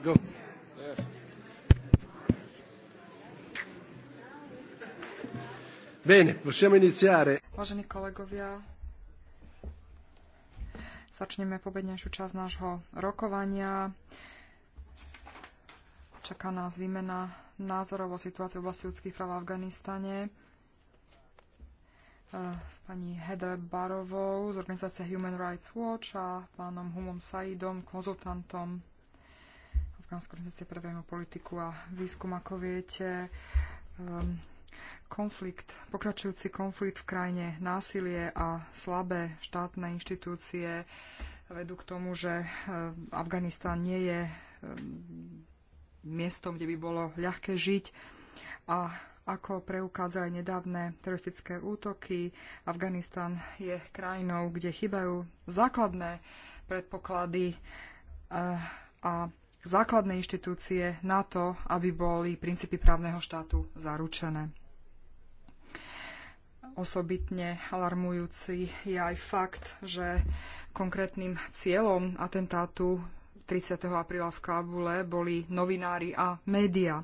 Go. Bene, possiamo iniziare. Vážení kolegovia, začneme pobednejšiu časť nášho rokovania. Čaká nás výmena názorov o situácii v oblasti ľudských práv v Afganistane eh, s pani Heather Barovou z organizácie Human Rights Watch a pánom Humom Saidom, konzultantom transkonferencie pre verejnú politiku a výskum, ako viete. Um, konflikt, pokračujúci konflikt v krajine, násilie a slabé štátne inštitúcie vedú k tomu, že um, Afganistán nie je um, miestom, kde by bolo ľahké žiť. A ako preukázali nedávne teroristické útoky, Afganistan je krajinou, kde chýbajú základné predpoklady uh, a základné inštitúcie na to, aby boli princípy právneho štátu zaručené. Osobitne alarmujúci je aj fakt, že konkrétnym cieľom atentátu 30. apríla v Kábule boli novinári a média.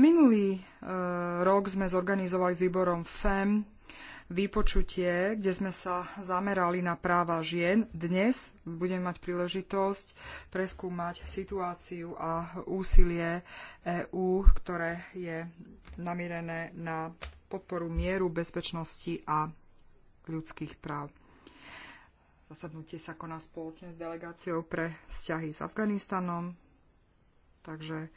Minulý e, rok sme zorganizovali s výborom FEM vypočutie, kde sme sa zamerali na práva žien. Dnes budeme mať príležitosť preskúmať situáciu a úsilie EÚ, ktoré je namierené na podporu mieru, bezpečnosti a ľudských práv. Zasadnutie sa koná spoločne s delegáciou pre vzťahy s Afganistanom. Takže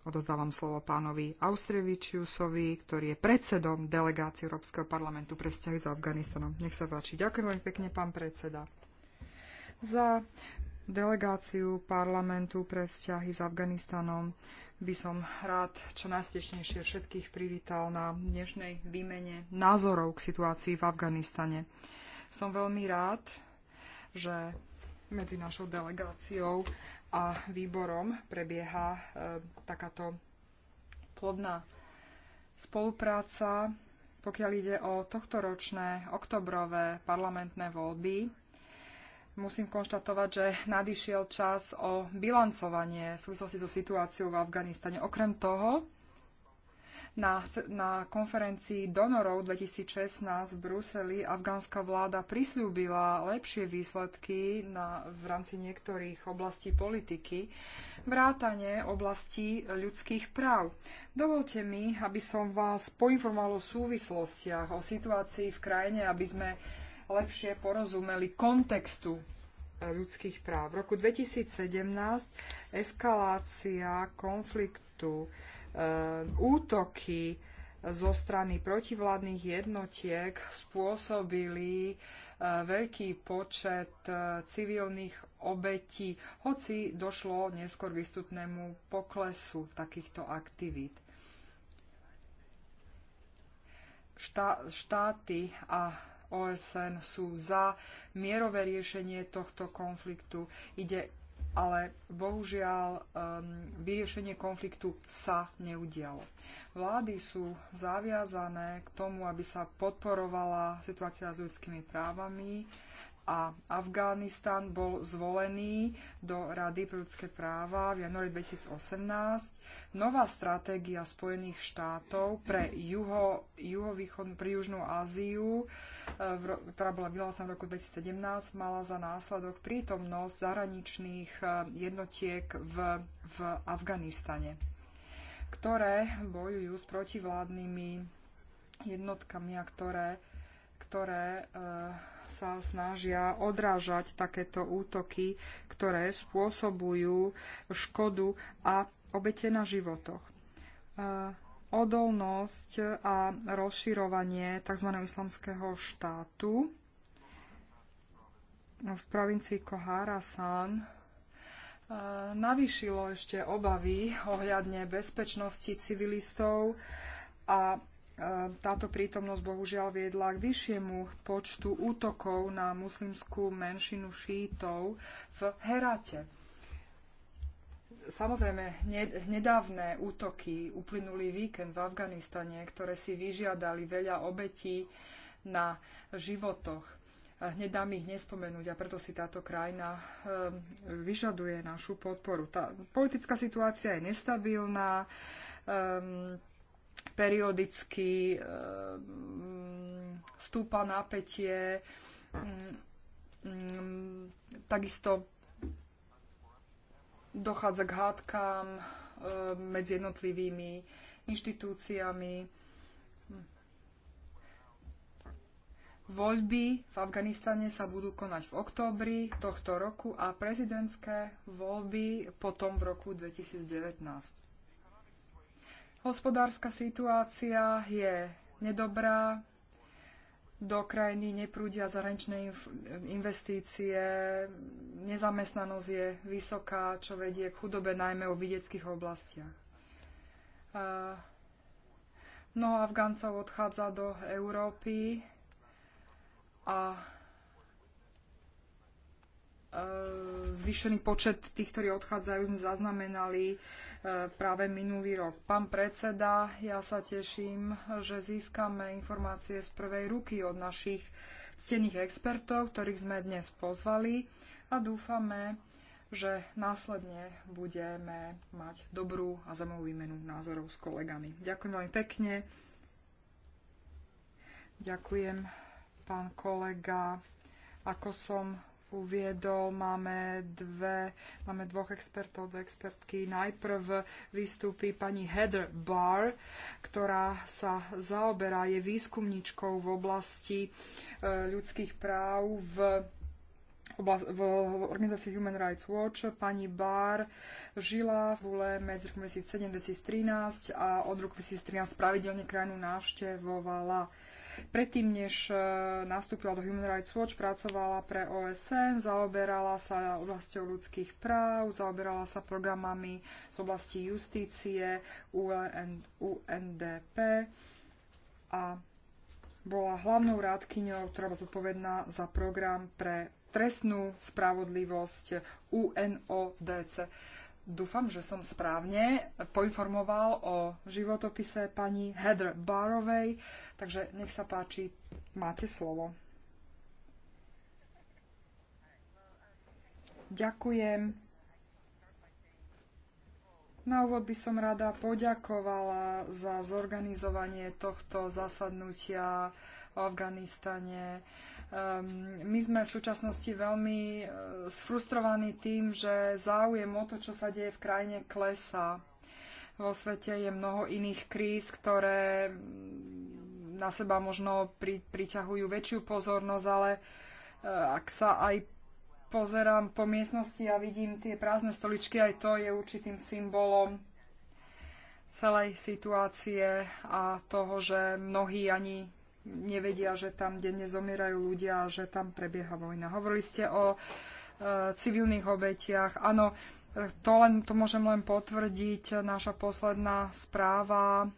Odozdávam slovo pánovi Austrevičiusovi, ktorý je predsedom delegácie Európskeho parlamentu pre vzťahy s Afganistanom. Nech sa páči. Ďakujem veľmi pekne, pán predseda. Za delegáciu parlamentu pre vzťahy s Afganistanom by som rád čo najstečnejšie všetkých privítal na dnešnej výmene názorov k situácii v Afganistane. Som veľmi rád, že medzi našou delegáciou a výborom prebieha e, takáto plodná spolupráca, pokiaľ ide o tohtoročné oktobrové parlamentné voľby. Musím konštatovať, že nadišiel čas o bilancovanie v súvislosti so situáciou v Afganistane. Okrem toho, na, na konferencii donorov 2016 v Bruseli afgánska vláda prislúbila lepšie výsledky na, v rámci niektorých oblastí politiky, vrátane oblasti ľudských práv. Dovolte mi, aby som vás poinformoval o súvislostiach, o situácii v krajine, aby sme lepšie porozumeli kontextu e, ľudských práv. V roku 2017 eskalácia konfliktu Eh, útoky zo strany protivládnych jednotiek spôsobili eh, veľký počet eh, civilných obetí, hoci došlo neskôr k istotnému poklesu takýchto aktivít. Štá, štáty a OSN sú za mierové riešenie tohto konfliktu. Ide ale bohužiaľ um, vyriešenie konfliktu sa neudialo. Vlády sú zaviazané k tomu, aby sa podporovala situácia s ľudskými právami a Afganistan bol zvolený do Rady pre ľudské práva v januári 2018. Nová stratégia Spojených štátov pre, juho, pre Južnú Áziu, e, ktorá bola vyhlásená v roku 2017, mala za následok prítomnosť zahraničných e, jednotiek v, v Afganistane ktoré bojujú s protivládnymi jednotkami a ktoré, ktoré uh, sa snažia odrážať takéto útoky, ktoré spôsobujú škodu a obete na životoch. E, odolnosť a rozširovanie tzv. islamského štátu no, v provincii Koharasan e, navýšilo ešte obavy ohľadne bezpečnosti civilistov a E, táto prítomnosť bohužiaľ viedla k vyššiemu počtu útokov na muslimskú menšinu šítov v Herate. Samozrejme, nedávne útoky uplynulý víkend v Afganistane, ktoré si vyžiadali veľa obetí na životoch. E, hneď dám ich nespomenúť a preto si táto krajina e, vyžaduje našu podporu. Tá politická situácia je nestabilná, um, periodicky eh, stúpa napätie, mm, mm, takisto dochádza k hádkám eh, medzi jednotlivými inštitúciami. Voľby v Afganistane sa budú konať v októbri tohto roku a prezidentské voľby potom v roku 2019. Hospodárska situácia je nedobrá, do krajiny neprúdia zahraničné investície, nezamestnanosť je vysoká, čo vedie k chudobe najmä o vidieckých oblastiach. Mnoho Afgáncov odchádza do Európy a E, zvýšený počet tých, ktorí odchádzajú, sme zaznamenali e, práve minulý rok. Pán predseda, ja sa teším, že získame informácie z prvej ruky od našich ctených expertov, ktorých sme dnes pozvali a dúfame, že následne budeme mať dobrú a zaujímavú výmenu názorov s kolegami. Ďakujem veľmi pekne. Ďakujem, pán kolega. Ako som uviedol, máme, dve, máme dvoch expertov, dve expertky. Najprv vystúpi pani Heather Barr, ktorá sa zaoberá, je výskumníčkou v oblasti e, ľudských práv v v organizácii Human Rights Watch pani Barr žila v Hule medzi rokom 2007 2013 a od roku 2013 pravidelne krajinu návštevovala. Uh, Predtým, než e, nastúpila do Human Rights Watch, pracovala pre OSN, zaoberala sa oblasťou ľudských práv, zaoberala sa programami z oblasti justície, UNDP a bola hlavnou rádkyňou, ktorá bola zodpovedná za program pre trestnú spravodlivosť UNODC. Dúfam, že som správne poinformoval o životopise pani Heather Barovej, takže nech sa páči, máte slovo. Ďakujem. Na úvod by som rada poďakovala za zorganizovanie tohto zasadnutia v Afganistane. Ehm, my sme v súčasnosti veľmi eh, sfrustrovaní tým, že záujem o to, čo sa deje v krajine, klesá. Vo svete je mnoho iných kríz, ktoré mm, na seba možno pri, priťahujú väčšiu pozornosť, ale eh, ak sa aj pozerám po miestnosti a vidím tie prázdne stoličky, aj to je určitým symbolom celej situácie a toho, že mnohí ani nevedia, že tam denne zomierajú ľudia a že tam prebieha vojna. Hovorili ste o e, civilných obetiach. Áno, e, to, len, to môžem len potvrdiť. Naša posledná správa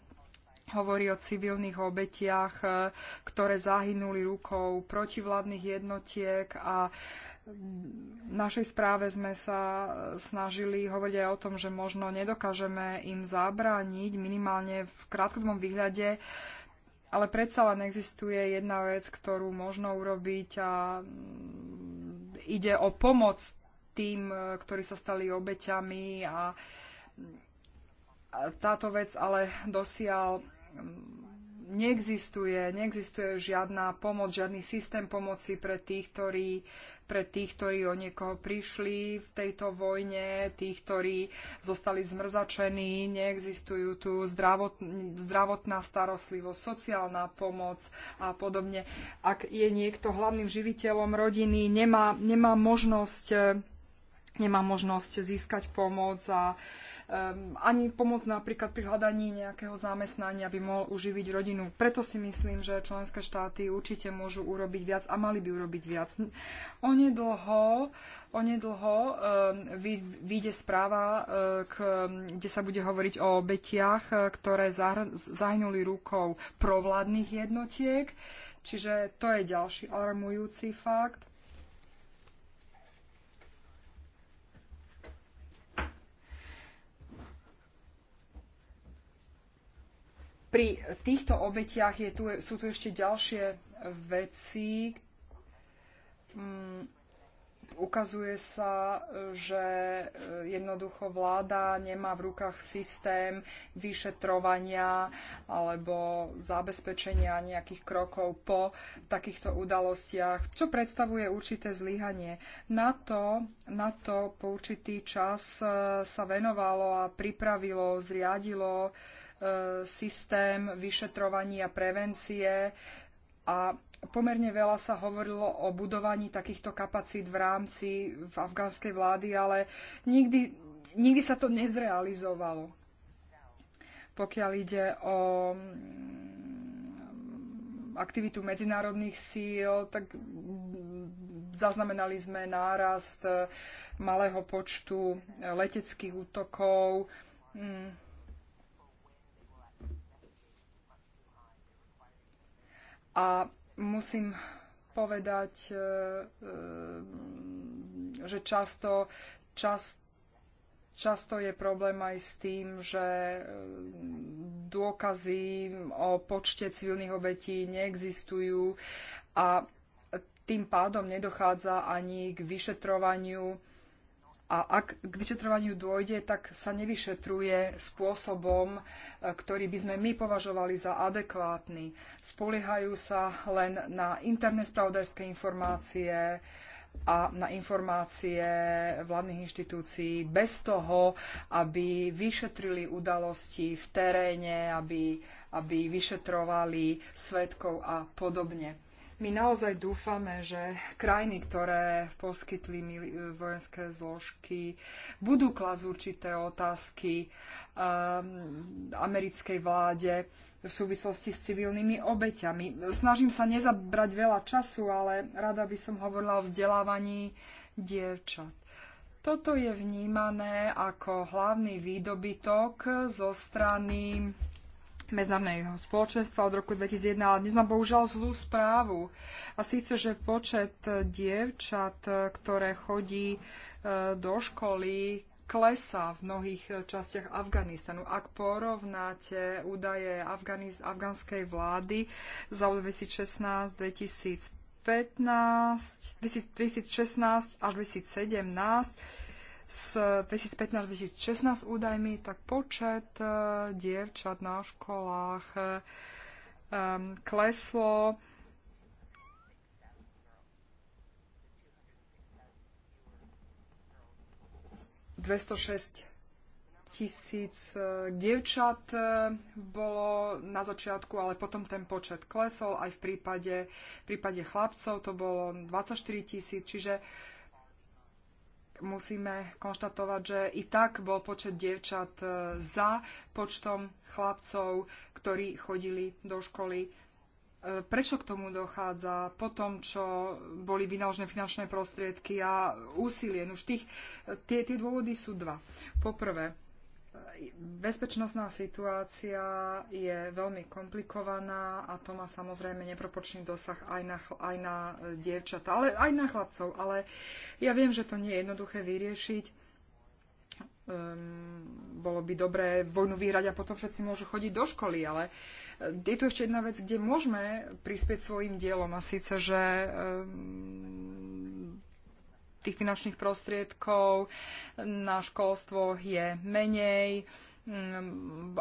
hovorí o civilných obetiach, e, ktoré zahynuli rukou protivládnych jednotiek a v našej správe sme sa snažili hovoriť aj o tom, že možno nedokážeme im zabrániť minimálne v krátkodobom výhľade ale predsa len existuje jedna vec, ktorú možno urobiť a mm, ide o pomoc tým, e, ktorí sa stali obeťami a mm, táto vec ale dosial mm, neexistuje, neexistuje žiadna pomoc, žiadny systém pomoci pre tých, ktorí, pre tých, ktorí o niekoho prišli v tejto vojne, tých, ktorí zostali zmrzačení, neexistujú tu zdravot, zdravotná starostlivosť, sociálna pomoc a podobne. Ak je niekto hlavným živiteľom rodiny, nemá, nemá možnosť nemá možnosť získať pomoc a Ehm, ani pomoc napríklad pri hľadaní nejakého zamestnania aby mohol uživiť rodinu. Preto si myslím, že členské štáty určite môžu urobiť viac a mali by urobiť viac. Onedlho, onedlho ehm, vyjde správa, e, k, kde sa bude hovoriť o obetiach, e, ktoré zahynuli rukou provládnych jednotiek. Čiže to je ďalší alarmujúci fakt. Pri týchto obetiach je tu, sú tu ešte ďalšie veci. Um, ukazuje sa, že e, jednoducho vláda nemá v rukách systém vyšetrovania alebo zabezpečenia nejakých krokov po takýchto udalostiach, čo predstavuje určité zlyhanie. Na to, na to po určitý čas e, sa venovalo a pripravilo, zriadilo E, systém vyšetrovania prevencie a pomerne veľa sa hovorilo o budovaní takýchto kapacít v rámci v afgánskej vlády, ale nikdy, nikdy sa to nezrealizovalo. Pokiaľ ide o mm, aktivitu medzinárodných síl, tak zaznamenali sme nárast e, malého počtu e, leteckých útokov. Mm. A musím povedať, e, e, že často, čas, často je problém aj s tým, že e, dôkazy o počte civilných obetí neexistujú a tým pádom nedochádza ani k vyšetrovaniu a ak k vyšetrovaniu dôjde, tak sa nevyšetruje spôsobom, e, ktorý by sme my považovali za adekvátny. Spoliehajú sa len na interné spravodajské informácie a na informácie vládnych inštitúcií bez toho, aby vyšetrili udalosti v teréne, aby, aby vyšetrovali svetkov a podobne my naozaj dúfame, že krajiny, ktoré poskytli vojenské zložky, budú klas určité otázky um, americkej vláde v súvislosti s civilnými obeťami. Snažím sa nezabrať veľa času, ale rada by som hovorila o vzdelávaní dievčat. Toto je vnímané ako hlavný výdobytok zo strany medzinárodného spoločenstva od roku 2001, ale dnes mám bohužiaľ zlú správu. A síce, že počet dievčat, ktoré chodí e, do školy, klesa v mnohých častiach Afganistanu. Ak porovnáte údaje Afganiz- afgánskej vlády za 2016, 2015, 2016 až 2017, s 2015-2016 údajmi, tak počet e, dievčat na školách um, kleslo. ...206 tisíc e, dievčat bolo na začiatku, ale potom ten počet klesol. Aj v prípade, v prípade chlapcov to bolo 24 tisíc. Čiže musíme konštatovať, že i tak bol počet dievčat e, za počtom chlapcov, ktorí chodili do školy. E, prečo k tomu dochádza po tom, čo boli vynaložené finančné prostriedky a úsilie? Už tých, e, tie, tie dôvody sú dva. Poprvé, bezpečnostná situácia je veľmi komplikovaná a to má samozrejme neproporčný dosah aj na, aj na e, dievčatá, ale aj na chlapcov. Ale ja viem, že to nie je jednoduché vyriešiť. Um, bolo by dobré vojnu vyhrať a potom všetci môžu chodiť do školy, ale e, je tu ešte jedna vec, kde môžeme prispieť svojim dielom a síce, že um, tých finančných prostriedkov na školstvo je menej mm,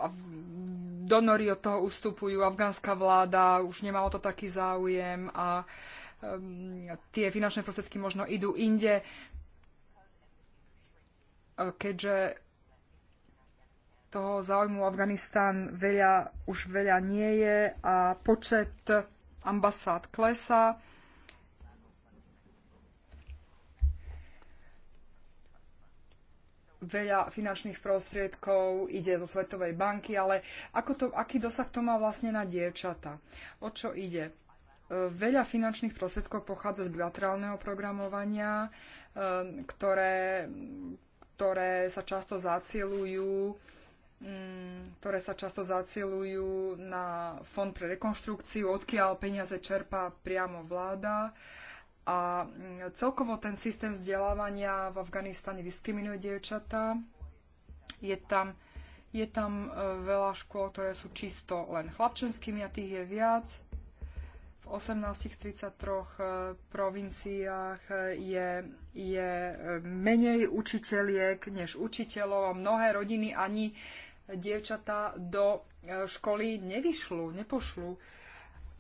donory od toho ustupujú, afgánska vláda už nemá o to taký záujem a mm, tie finančné prostriedky možno idú inde, e, keďže toho záujmu Afganistán veľa, už veľa nie je a počet ambasád klesá. veľa finančných prostriedkov ide zo Svetovej banky, ale ako to, aký dosah to má vlastne na dievčata? O čo ide? E, veľa finančných prostriedkov pochádza z bilaterálneho programovania, e, ktoré, ktoré sa často zacielujú mm, ktoré sa často zacielujú na Fond pre rekonštrukciu, odkiaľ peniaze čerpá priamo vláda. Uh, a mm, celkovo ten systém vzdelávania v Afganistane diskriminuje dievčatá. Je tam, je tam e, veľa škôl, ktoré sú čisto len chlapčenskými a tých je viac. V 33 e, provinciách e, je, je menej učiteľiek než učiteľov a mnohé rodiny ani dievčatá do školy nevyšľú, nepošľú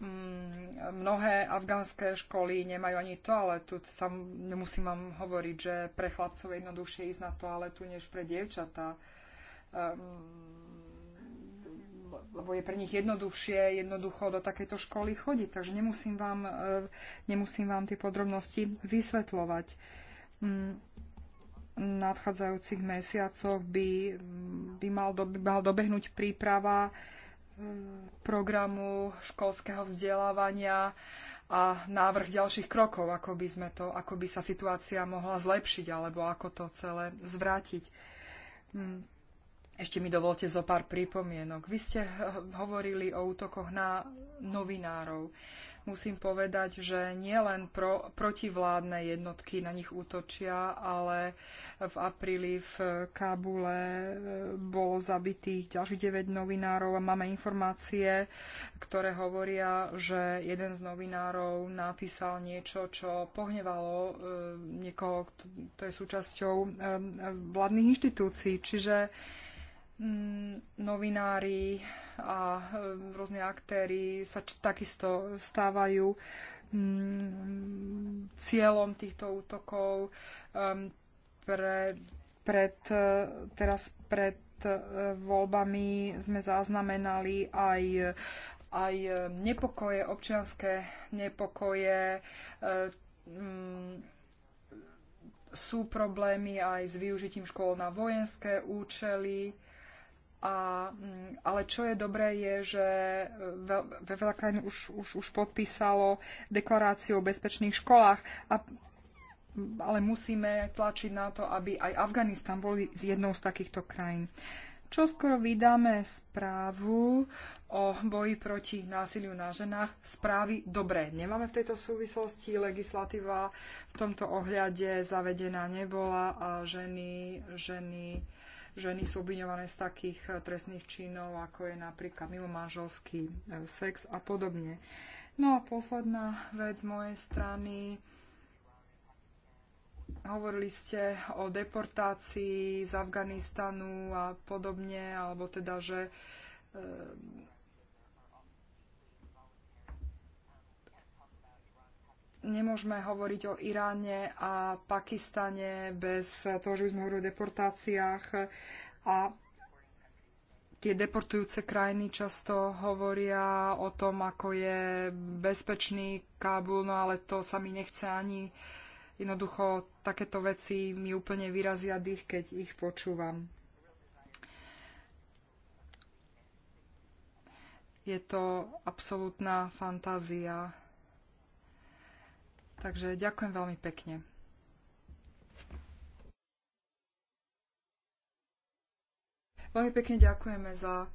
Mm, mnohé afgánske školy nemajú ani toaletu. Sam nemusím vám hovoriť, že pre chlapcov je jednoduchšie ísť na toaletu, než pre dievčatá. Um, lebo je pre nich jednoduchšie jednoducho do takejto školy chodiť. Takže nemusím vám, e, nemusím vám tie podrobnosti vysvetľovať. Um, nadchádzajúcich mesiacoch by, mm, by, mal do, by mal dobehnúť príprava programu školského vzdelávania a návrh ďalších krokov, ako by, sme to, ako by sa situácia mohla zlepšiť alebo ako to celé zvrátiť. Hm. Ešte mi dovolte zo pár pripomienok. Vy ste eh, hovorili o útokoch na novinárov musím povedať, že nielen pro, protivládne jednotky na nich útočia, ale v apríli v Kábule e, bolo zabitých ďalších 9 novinárov a máme informácie, ktoré hovoria, že jeden z novinárov napísal niečo, čo pohnevalo e, niekoho, kto je súčasťou e, vládnych inštitúcií. Čiže Mm, novinári a e, rôzne aktéry sa takisto stávajú mm, cieľom týchto útokov. Pre, pred, e, teraz pred e, voľbami sme zaznamenali aj, aj nepokoje, občianské nepokoje. Mm, sú problémy aj s využitím škôl na vojenské účely. A, mm, ale čo je dobré, je, že e, ve veľa krajín už, už, už podpísalo deklaráciu o bezpečných školách, a, mm, ale musíme tlačiť na to, aby aj Afganistan bol z jednou z takýchto krajín. Čo skoro vydáme správu o boji proti násiliu na ženách. Správy dobré. Nemáme v tejto súvislosti. Legislatíva v tomto ohľade zavedená nebola a ženy, ženy ženy sú obviňované z takých eh, trestných činov, ako je napríklad mimomáželský eh, sex a podobne. No a posledná vec z mojej strany. Hovorili ste o deportácii z Afganistanu a podobne, alebo teda, že eh, nemôžeme hovoriť o Iráne a Pakistane bez toho, že by sme hovorili o deportáciách a tie deportujúce krajiny často hovoria o tom, ako je bezpečný Kábul, no ale to sa mi nechce ani jednoducho takéto veci mi úplne vyrazia dých, keď ich počúvam. Je to absolútna fantázia. Takže ďakujem veľmi pekne. Veľmi pekne ďakujeme za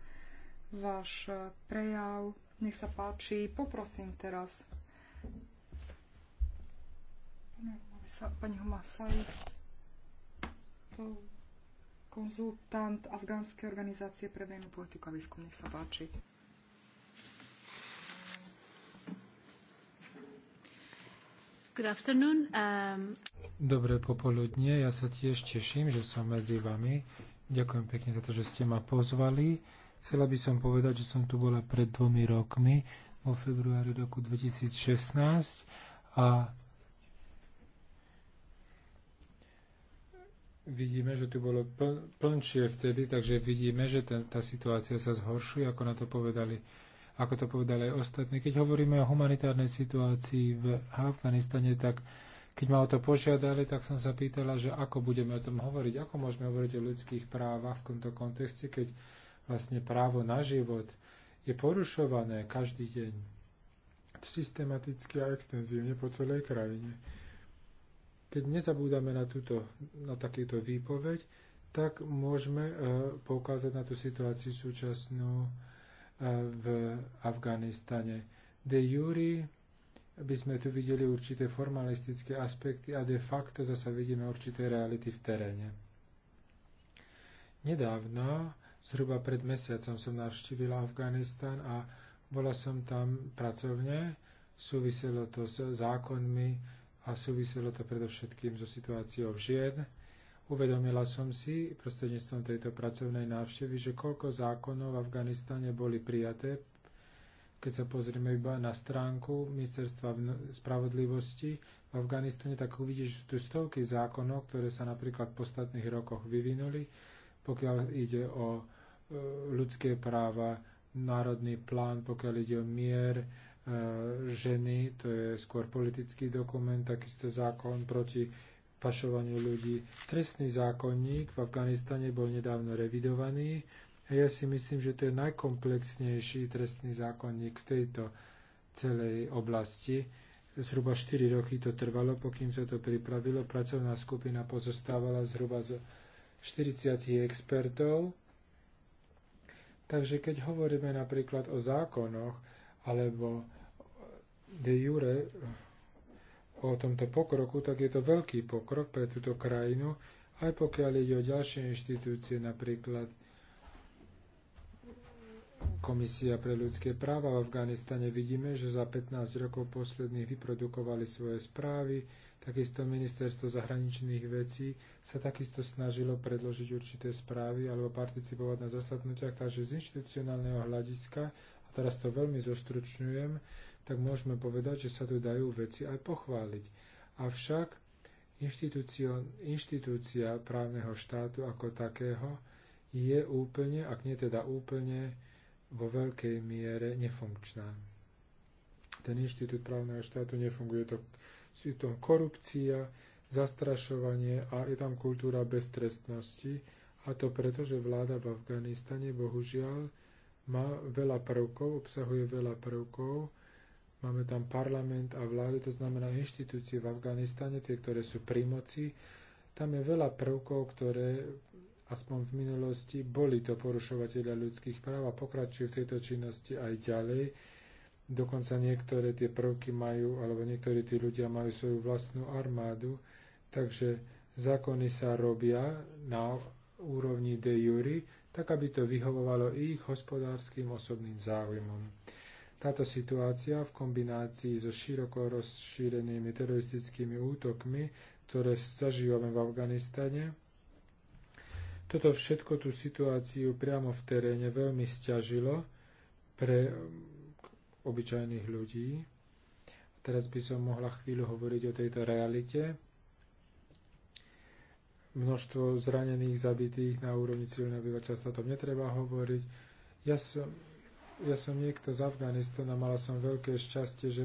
váš eh, prejav. Nech sa páči. Poprosím teraz pani Humasaj, to konzultant Afgánskej organizácie pre verejnú politiku a výskum. Nech sa páči. Um... Dobré popoludne, ja sa tiež teším, že som medzi vami. Ďakujem pekne za to, že ste ma pozvali. Chcela by som povedať, že som tu bola pred dvomi rokmi, vo februári roku 2016 a vidíme, že tu bolo plnšie vtedy, takže vidíme, že ten, tá situácia sa zhoršuje, ako na to povedali ako to povedali aj ostatní. Keď hovoríme o humanitárnej situácii v Afganistane, tak keď ma o to požiadali, tak som sa pýtala, že ako budeme o tom hovoriť, ako môžeme hovoriť o ľudských právach v tomto kontexte, keď vlastne právo na život je porušované každý deň systematicky a extenzívne po celej krajine. Keď nezabúdame na, túto, na takýto výpoveď, tak môžeme e, poukázať na tú situáciu súčasnú v Afganistane. De jure by sme tu videli určité formalistické aspekty a de facto zase vidíme určité reality v teréne. Nedávno, zhruba pred mesiacom som navštívila Afganistan a bola som tam pracovne, súviselo to s zákonmi a súviselo to predovšetkým so situáciou žien Uvedomila som si prostredníctvom tejto pracovnej návštevy, že koľko zákonov v Afganistane boli prijaté, keď sa pozrieme iba na stránku Ministerstva spravodlivosti v Afganistane, tak uvidíš tu stovky zákonov, ktoré sa napríklad v podstatných rokoch vyvinuli, pokiaľ ide o e, ľudské práva, národný plán, pokiaľ ide o mier, e, ženy, to je skôr politický dokument, takisto zákon proti pašovaniu ľudí. Trestný zákonník v Afganistane bol nedávno revidovaný a ja si myslím, že to je najkomplexnejší trestný zákonník v tejto celej oblasti. Zhruba 4 roky to trvalo, pokým sa to pripravilo. Pracovná skupina pozostávala zhruba z 40 expertov. Takže keď hovoríme napríklad o zákonoch alebo de jure o tomto pokroku, tak je to veľký pokrok pre túto krajinu, aj pokiaľ ide o ďalšie inštitúcie, napríklad Komisia pre ľudské práva v Afganistane vidíme, že za 15 rokov posledných vyprodukovali svoje správy, takisto ministerstvo zahraničných vecí sa takisto snažilo predložiť určité správy alebo participovať na zasadnutiach, takže z inštitucionálneho hľadiska, a teraz to veľmi zostručňujem, tak môžeme povedať, že sa tu dajú veci aj pochváliť. Avšak inštitúcia právneho štátu ako takého je úplne, ak nie teda úplne, vo veľkej miere nefunkčná. Ten inštitút právneho štátu nefunguje. To, je to korupcia, zastrašovanie a je tam kultúra beztrestnosti. A to preto, že vláda v Afganistane bohužiaľ má veľa prvkov, obsahuje veľa prvkov, Máme tam parlament a vládu, to znamená inštitúcie v Afganistane, tie, ktoré sú pri moci. Tam je veľa prvkov, ktoré aspoň v minulosti boli to porušovateľia ľudských práv a pokračujú v tejto činnosti aj ďalej. Dokonca niektoré tie prvky majú, alebo niektorí tí ľudia majú svoju vlastnú armádu, takže zákony sa robia na úrovni de jury, tak aby to vyhovovalo ich hospodárskym osobným záujmom. Táto situácia v kombinácii so široko rozšírenými teroristickými útokmi, ktoré zažívame v Afganistane, toto všetko tú situáciu priamo v teréne veľmi stiažilo pre mm, obyčajných ľudí. teraz by som mohla chvíľu hovoriť o tejto realite. Množstvo zranených, zabitých na úrovni civilného obyvateľstva, o tom netreba hovoriť. Ja som ja som niekto z Afganistana, mala som veľké šťastie, že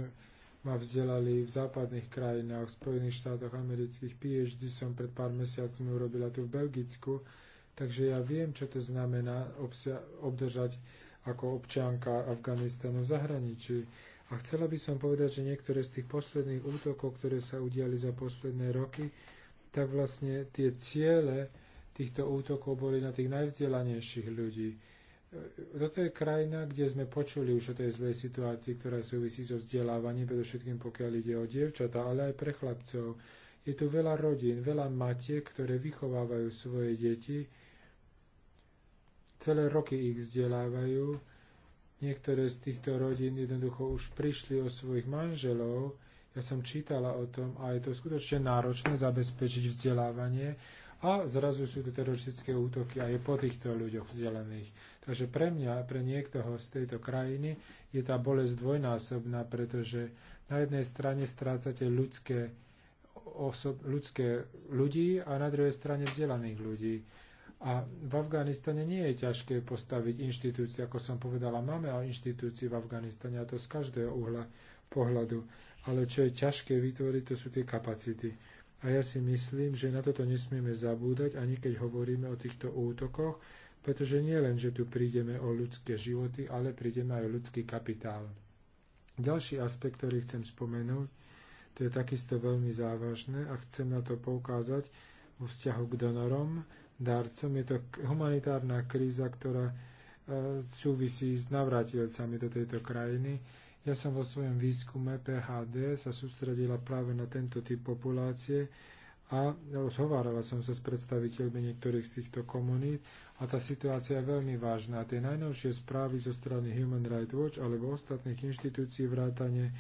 ma vzdelali v západných krajinách, v Spojených štátoch amerických. PhD som pred pár mesiacmi urobila tu v Belgicku, takže ja viem, čo to znamená obsia- obdržať ako občianka Afganistanu v zahraničí. A chcela by som povedať, že niektoré z tých posledných útokov, ktoré sa udiali za posledné roky, tak vlastne tie ciele týchto útokov boli na tých najvzdelanejších ľudí toto je krajina, kde sme počuli už o tej zlej situácii, ktorá súvisí so vzdelávaním, predovšetkým pokiaľ ide o dievčatá, ale aj pre chlapcov. Je tu veľa rodín, veľa matiek, ktoré vychovávajú svoje deti, celé roky ich vzdelávajú. Niektoré z týchto rodín jednoducho už prišli o svojich manželov. Ja som čítala o tom a je to skutočne náročné zabezpečiť vzdelávanie a zrazu sú tu teroristické útoky aj po týchto ľuďoch vzdelených. Takže pre mňa, pre niektoho z tejto krajiny je tá bolesť dvojnásobná, pretože na jednej strane strácate ľudské, osob, ľudské ľudí a na druhej strane vzdelaných ľudí. A v Afganistane nie je ťažké postaviť inštitúcie, ako som povedala, máme o inštitúcii v Afganistane a to z každého uhla pohľadu. Ale čo je ťažké vytvoriť, to sú tie kapacity. A ja si myslím, že na toto nesmieme zabúdať, ani keď hovoríme o týchto útokoch, pretože nie len, že tu prídeme o ľudské životy, ale prídeme aj o ľudský kapitál. Ďalší aspekt, ktorý chcem spomenúť, to je takisto veľmi závažné a chcem na to poukázať vo vzťahu k donorom, darcom. Je to humanitárna kríza, ktorá e, súvisí s navratilcami do tejto krajiny. Ja som vo svojom výskume PHD sa sústredila práve na tento typ populácie a rozhovárala som sa s predstaviteľmi niektorých z týchto komunít a tá situácia je veľmi vážna. A tie najnovšie správy zo strany Human Rights Watch alebo ostatných inštitúcií vrátane eh,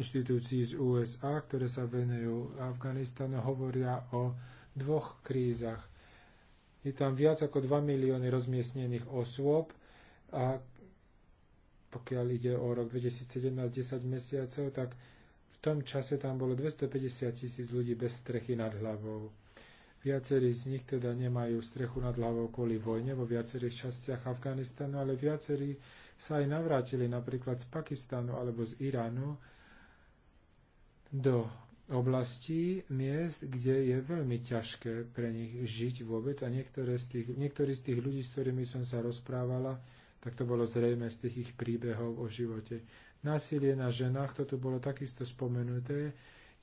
inštitúcií z USA, ktoré sa venujú Afganistanu, hovoria o dvoch krízach. Je tam viac ako 2 milióny rozmiestnených osôb, a pokiaľ ide o rok 2017, 10 mesiacov, tak v tom čase tam bolo 250 tisíc ľudí bez strechy nad hlavou. Viacerí z nich teda nemajú strechu nad hlavou kvôli vojne vo viacerých častiach Afganistanu, ale viacerí sa aj navrátili napríklad z Pakistanu alebo z Iránu do oblastí, miest, kde je veľmi ťažké pre nich žiť vôbec a niektoré z tých, niektorí z tých ľudí, s ktorými som sa rozprávala, tak to bolo zrejme z tých ich príbehov o živote. Násilie na ženách, to tu bolo takisto spomenuté.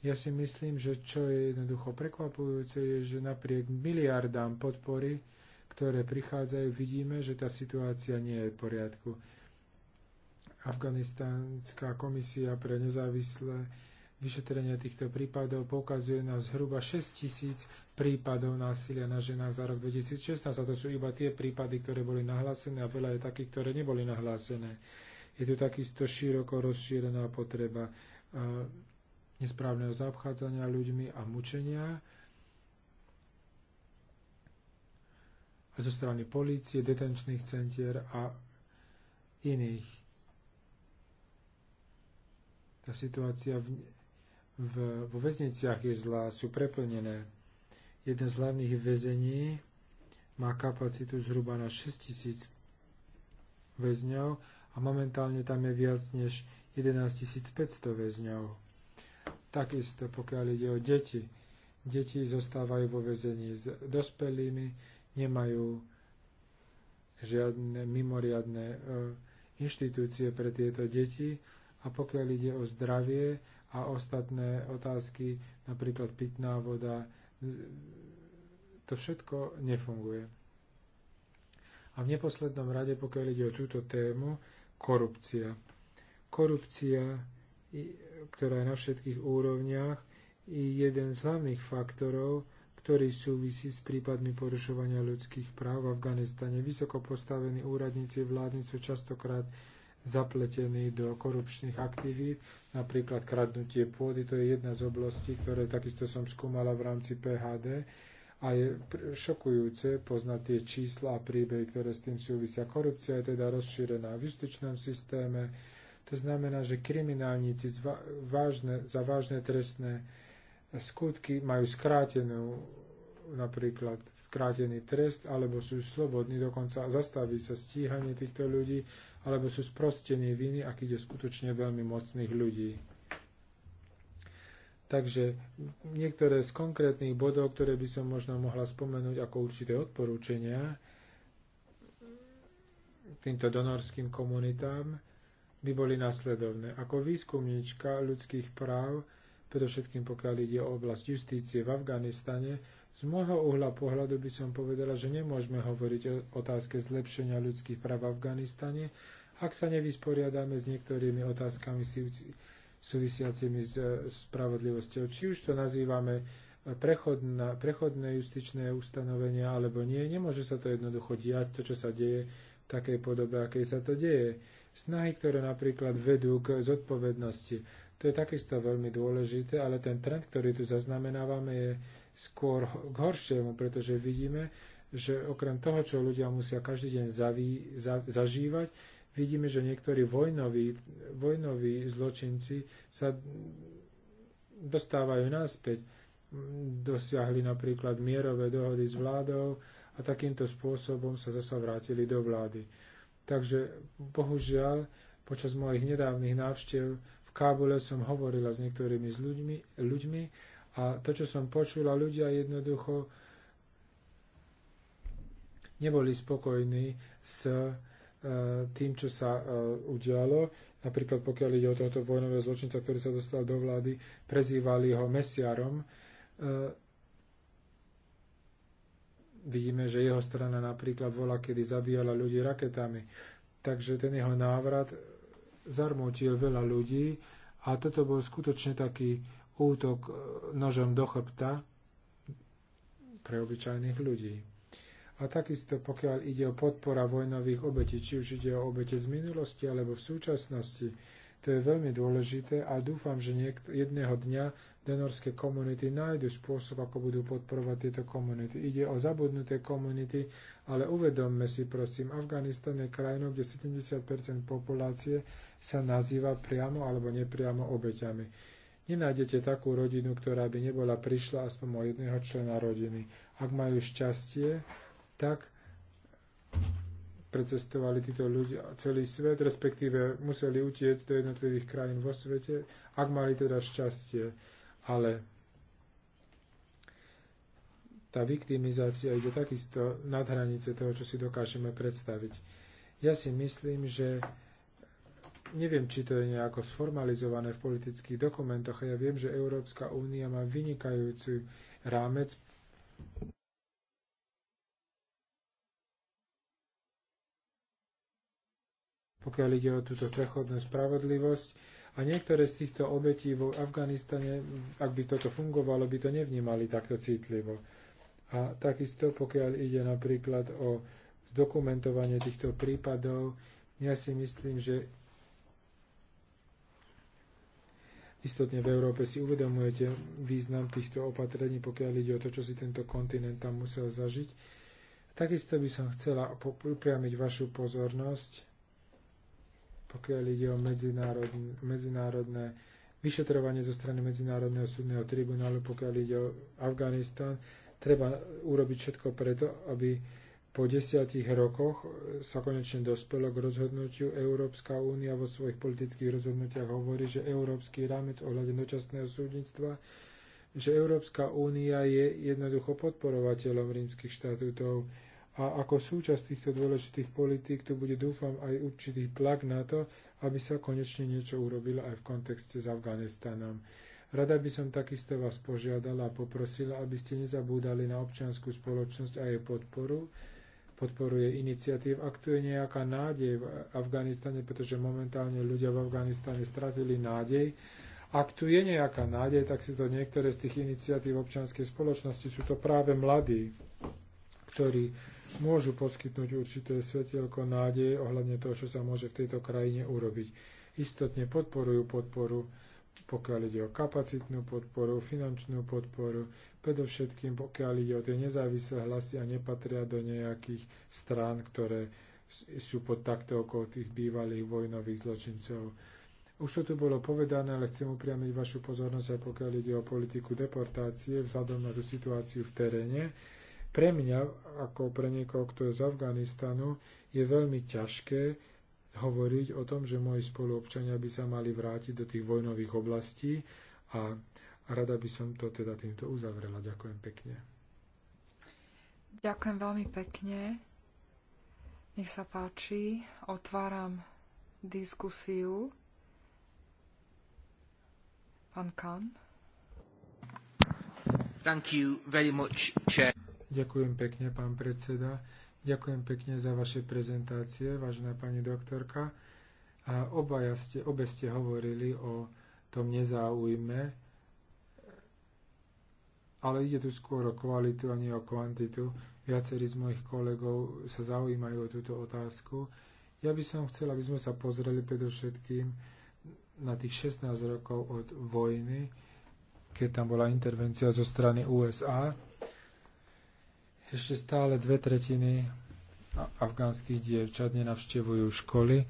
Ja si myslím, že čo je jednoducho prekvapujúce, je, že napriek miliardám podpory, ktoré prichádzajú, vidíme, že tá situácia nie je v poriadku. Afganistánska komisia pre nezávislé vyšetrenie týchto prípadov poukazuje na zhruba 6 tisíc prípadov násilia na ženách za rok 2016 a to sú iba tie prípady, ktoré boli nahlásené a veľa je takých, ktoré neboli nahlásené. Je tu takisto široko rozšírená potreba nesprávneho zaobchádzania ľuďmi a mučenia a zo strany polície, detenčných centier a iných. Tá situácia v, v, vo väzniciach je zlá, sú preplnené. Jeden z hlavných väzení má kapacitu zhruba na 6000 väzňov a momentálne tam je viac než 11500 väzňov. Takisto pokiaľ ide o deti. Deti zostávajú vo väzení s dospelými, nemajú žiadne mimoriadne e, inštitúcie pre tieto deti a pokiaľ ide o zdravie a ostatné otázky, napríklad pitná voda, to všetko nefunguje. A v neposlednom rade, pokiaľ ide o túto tému, korupcia. Korupcia, ktorá je na všetkých úrovniach, je jeden z hlavných faktorov, ktorý súvisí s prípadmi porušovania ľudských práv v Afganistane. Vysoko postavení úradníci vládni sú častokrát zapletení do korupčných aktivít, napríklad kradnutie pôdy, to je jedna z oblastí, ktoré takisto som skúmala v rámci PHD a je šokujúce poznať tie čísla a príbehy, ktoré s tým súvisia. Korupcia je teda rozšírená v justičnom systéme, to znamená, že kriminálníci za vážne, trestné skutky majú skrátenú napríklad skrátený trest, alebo sú slobodní, dokonca zastaví sa stíhanie týchto ľudí, alebo sú sprostení viny, ak ide skutočne veľmi mocných ľudí. Takže niektoré z konkrétnych bodov, ktoré by som možno mohla spomenúť ako určité odporúčania týmto donorským komunitám, by boli následovné. Ako výskumníčka ľudských práv, predovšetkým pokiaľ ide o oblasť justície v Afganistane, z môjho uhla pohľadu by som povedala, že nemôžeme hovoriť o otázke zlepšenia ľudských práv v Afganistane, ak sa nevysporiadáme s niektorými otázkami súvisiacimi s e, spravodlivosťou. Či už to nazývame e, prechodná, prechodné justičné ustanovenia alebo nie, nemôže sa to jednoducho diať, to, čo sa deje v takej podobe, akej sa to deje. Snahy, ktoré napríklad vedú k zodpovednosti, to je takisto veľmi dôležité, ale ten trend, ktorý tu zaznamenávame, je skôr k horšiemu, pretože vidíme, že okrem toho, čo ľudia musia každý deň zaví, za, zažívať, vidíme, že niektorí vojnoví, vojnoví zločinci sa dostávajú naspäť. Dosiahli napríklad mierové dohody s vládou a takýmto spôsobom sa zasa vrátili do vlády. Takže bohužiaľ, počas mojich nedávnych návštev v Kábule som hovorila s niektorými z ľuďmi, ľuďmi a to, čo som počula, ľudia jednoducho neboli spokojní s e, tým, čo sa e, udialo. Napríklad pokiaľ ide o tohoto vojnového zločinca, ktorý sa dostal do vlády, prezývali ho mesiarom. E, vidíme, že jeho strana napríklad volá, kedy zabíjala ľudí raketami. Takže ten jeho návrat zarmotil veľa ľudí a toto bol skutočne taký útok e, nožom do chrbta pre obyčajných ľudí. A takisto pokiaľ ide o podpora vojnových obetí, či už ide o obete z minulosti alebo v súčasnosti, to je veľmi dôležité a dúfam, že niekt- jedného dňa donorské komunity nájdu spôsob, ako budú podporovať tieto komunity. Ide o zabudnuté komunity, ale uvedomme si, prosím, Afganistan je krajinou, kde 70% populácie sa nazýva priamo alebo nepriamo obeťami. Nenájdete takú rodinu, ktorá by nebola prišla aspoň o jedného člena rodiny. Ak majú šťastie, tak precestovali títo ľudia celý svet, respektíve museli utiecť do jednotlivých krajín vo svete, ak mali teda šťastie. Ale tá viktimizácia ide takisto nad hranice toho, čo si dokážeme predstaviť. Ja si myslím, že Neviem, či to je nejako sformalizované v politických dokumentoch. Ja viem, že Európska únia má vynikajúci rámec pokiaľ ide o túto prechodnú spravodlivosť. A niektoré z týchto obetí vo Afganistane, ak by toto fungovalo, by to nevnímali takto citlivo. A takisto, pokiaľ ide napríklad o zdokumentovanie týchto prípadov, ja si myslím, že Istotne v Európe si uvedomujete význam týchto opatrení, pokiaľ ide o to, čo si tento kontinent tam musel zažiť. Takisto by som chcela upriamiť vašu pozornosť, pokiaľ ide o medzinárodné vyšetrovanie zo strany Medzinárodného súdneho tribunálu, pokiaľ ide o Afganistán, treba urobiť všetko preto, aby po desiatich rokoch e, sa konečne dospelo k rozhodnutiu. Európska únia vo svojich politických rozhodnutiach hovorí, že Európsky rámec ohľadne dočasného súdnictva, že Európska únia je jednoducho podporovateľom rímskych štatútov. A ako súčasť týchto dôležitých politík tu bude, dúfam, aj určitý tlak na to, aby sa konečne niečo urobilo aj v kontexte s Afganistanom. Rada by som takisto vás požiadala a poprosila, aby ste nezabúdali na občianskú spoločnosť a jej podporu, podporuje iniciatív. Ak tu je nejaká nádej v Afganistane, pretože momentálne ľudia v Afganistane stratili nádej, ak tu je nejaká nádej, tak si to niektoré z tých iniciatív občianskej spoločnosti sú to práve mladí, ktorí môžu poskytnúť určité svetielko nádej, ohľadne toho, čo sa môže v tejto krajine urobiť. Istotne podporujú podporu pokiaľ ide o kapacitnú podporu, finančnú podporu, predovšetkým pokiaľ ide o tie nezávislé hlasy a nepatria do nejakých strán, ktoré sú pod okolo tých bývalých vojnových zločincov. Už to tu bolo povedané, ale chcem upriamiť vašu pozornosť aj pokiaľ ide o politiku deportácie vzhľadom na tú situáciu v teréne. Pre mňa, ako pre niekoho, kto je z Afganistanu, je veľmi ťažké hovoriť o tom, že moji spoluobčania by sa mali vrátiť do tých vojnových oblastí a rada by som to teda týmto uzavrela. Ďakujem pekne. Ďakujem veľmi pekne. Nech sa páči. Otváram diskusiu. Pán Kan. Thank you very much, chair. Ďakujem pekne, pán predseda. Ďakujem pekne za vaše prezentácie, vážená pani doktorka. A obaja ste, obe ste hovorili o tom nezáujme, ale ide tu skôr o kvalitu a nie o kvantitu. Viacerí z mojich kolegov sa zaujímajú o túto otázku. Ja by som chcel, aby sme sa pozreli predovšetkým na tých 16 rokov od vojny, keď tam bola intervencia zo strany USA ešte stále dve tretiny afgánskych dievčat nenavštevujú školy e,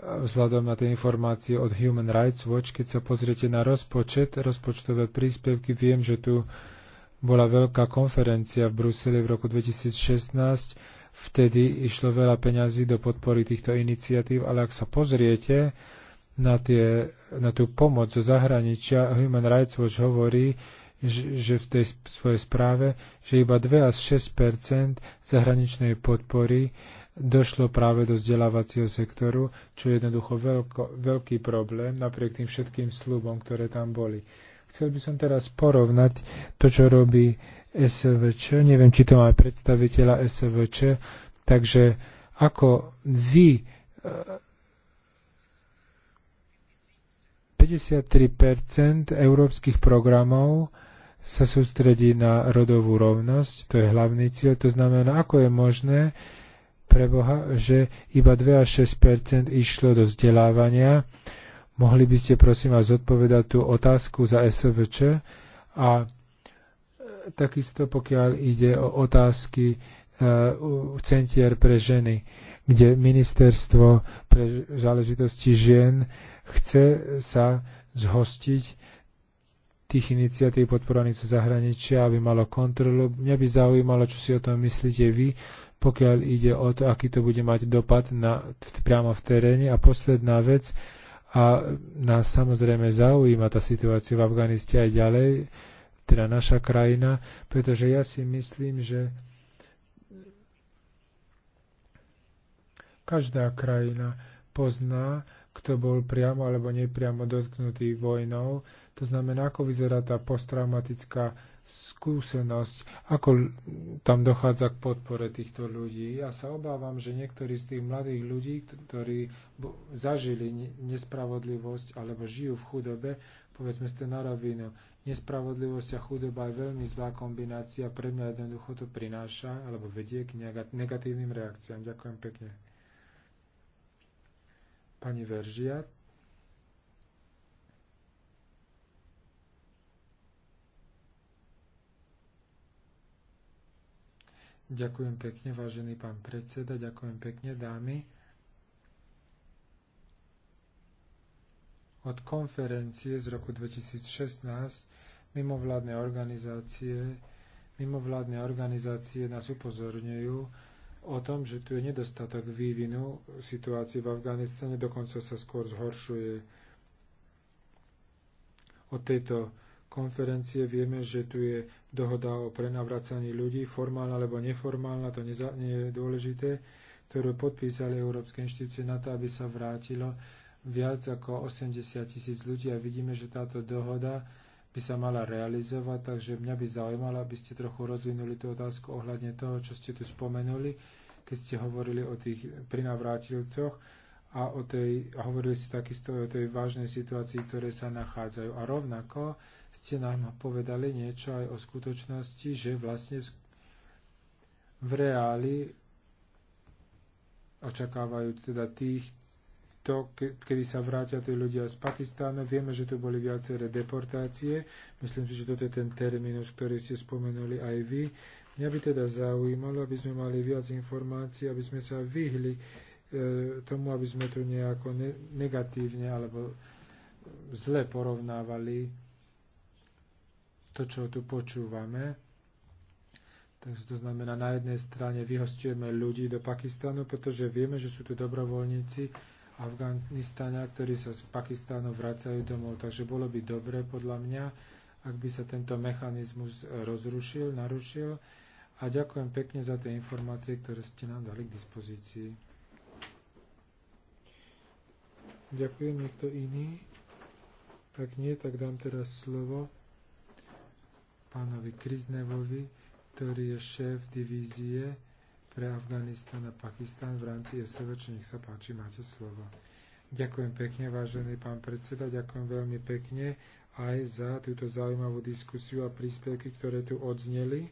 vzhľadom na tie informácie od Human Rights Watch, keď sa pozriete na rozpočet, rozpočtové príspevky, viem, že tu bola veľká konferencia v Bruseli v roku 2016, vtedy išlo veľa peňazí do podpory týchto iniciatív, ale ak sa pozriete na, tie, na tú pomoc zo zahraničia, Human Rights Watch hovorí, že v tej svojej správe, že iba 2 až 6 zahraničnej podpory došlo práve do vzdelávacieho sektoru, čo je jednoducho veľko, veľký problém napriek tým všetkým slubom, ktoré tam boli. Chcel by som teraz porovnať to, čo robí SVČ. Neviem, či to má predstaviteľa SVČ. Takže ako vy 53% eh, európskych programov sa sústredí na rodovú rovnosť, to je hlavný cieľ, to znamená, ako je možné pre Boha, že iba 2 až 6 išlo do vzdelávania. Mohli by ste prosím vás zodpovedať tú otázku za SVČ a e, takisto pokiaľ ide o otázky uh, centier pre ženy, kde ministerstvo pre záležitosti žien chce sa zhostiť tých iniciatív podporovaných zo zahraničia, aby malo kontrolu. Mňa by zaujímalo, čo si o tom myslíte vy, pokiaľ ide o to, aký to bude mať dopad na, v, priamo v teréne. A posledná vec, a nás samozrejme zaujíma tá situácia v Afganiste aj ďalej, teda naša krajina, pretože ja si myslím, že každá krajina pozná, kto bol priamo alebo nepriamo dotknutý vojnou. To znamená, ako vyzerá tá posttraumatická skúsenosť, ako tam dochádza k podpore týchto ľudí. Ja sa obávam, že niektorí z tých mladých ľudí, ktorí zažili nespravodlivosť alebo žijú v chudobe, povedzme ste na rovinu, nespravodlivosť a chudoba je veľmi zlá kombinácia, pre mňa jednoducho to prináša alebo vedie k negatívnym reakciám. Ďakujem pekne. Pani Veržiat. Ďakujem pekne, vážený pán predseda, ďakujem pekne, dámy. Od konferencie z roku 2016 mimovládne organizácie, mimovládne organizácie nás upozorňujú o tom, že tu je nedostatok vývinu situácie v Afganistane, dokonca sa skôr zhoršuje. Od tejto konferencie vieme, že tu je dohoda o prenavracaní ľudí, formálna alebo neformálna, to neza, nie je dôležité, ktorú podpísali Európske inštitúcie na to, aby sa vrátilo viac ako 80 tisíc ľudí a vidíme, že táto dohoda by sa mala realizovať, takže mňa by zaujímalo, aby ste trochu rozvinuli tú otázku ohľadne toho, čo ste tu spomenuli, keď ste hovorili o tých prinavrátilcoch a, o tej, a hovorili ste takisto o tej vážnej situácii, ktoré sa nachádzajú. A rovnako ste nám povedali niečo aj o skutočnosti, že vlastne v, v reáli očakávajú teda tých, to, kedy sa vrátia tí ľudia z Pakistánu. Vieme, že tu boli viaceré deportácie. Myslím si, že toto je ten terminus, ktorý ste spomenuli aj vy. Mňa by teda zaujímalo, aby sme mali viac informácií, aby sme sa vyhli E, tomu, aby sme tu nejako negatívne alebo zle porovnávali to, čo tu počúvame. Takže to znamená, na jednej strane vyhostujeme ľudí do Pakistanu, pretože vieme, že sú tu dobrovoľníci Afganistania, ktorí sa z Pakistanu vracajú domov. Takže bolo by dobre, podľa mňa, ak by sa tento mechanizmus rozrušil, narušil. A ďakujem pekne za tie informácie, ktoré ste nám dali k dispozícii. Ďakujem. Niekto iný? Ak nie, tak dám teraz slovo pánovi Kriznevovi, ktorý je šéf divízie pre Afganistan a Pakistan v rámci SV, Čo nech sa páči, máte slovo. Ďakujem pekne, vážený pán predseda, ďakujem veľmi pekne aj za túto zaujímavú diskusiu a príspevky, ktoré tu odzneli.